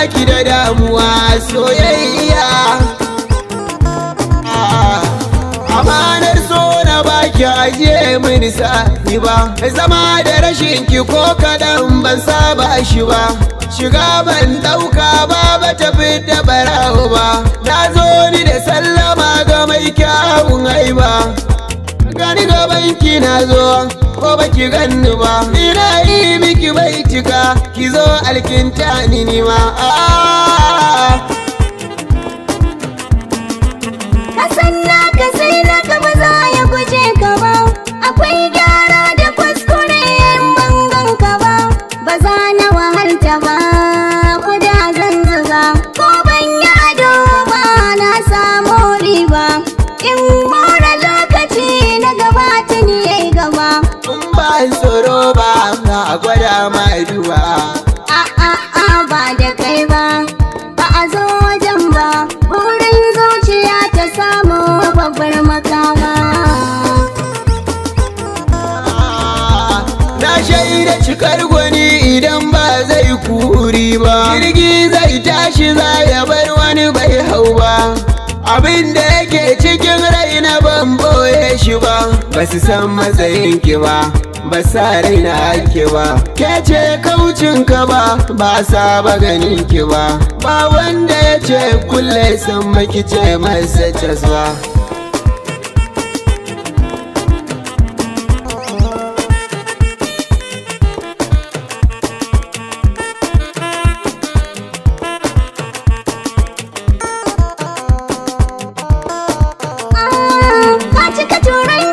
baki da damuwa soyayya ah, amanar so na baki aje mini ni ba zama da rashin ki ko kaɗan ban saba shi ba shiga ban ɗauka ba ba tafi da barawo ba na zo ni da sallama ga mai kyawun haiba gani gaban banki na zo ko baki ganni ba ina yi miki jika ki zo alkinta ni nima ah. kasan naka sai naka ba za ya guje ka ba akwai gyara da kuskure bangon ka ba ba za na wahalta ba kuda zan zuba ko ban yi ado ba na samo riba in mora lokaci na gaba tuni yayi gaba a gwada ma duwa a a a ba da kai ba ba a zo wajen ba Wurin zuciya ta samu babbar makama na shaida cikar gwani idan ba zai kuri ba jirgi zai tashi za ya bar wani bai hau ba abin da yake cikin rai na ban boye shi ba ba su san matsayin ki ba ba sa raina ake ba ke ce kaucin ka ba ba sa ba ganin ki ba ba wanda ya ce kulle san maki ce masa zuwa. Ah, ka cika turan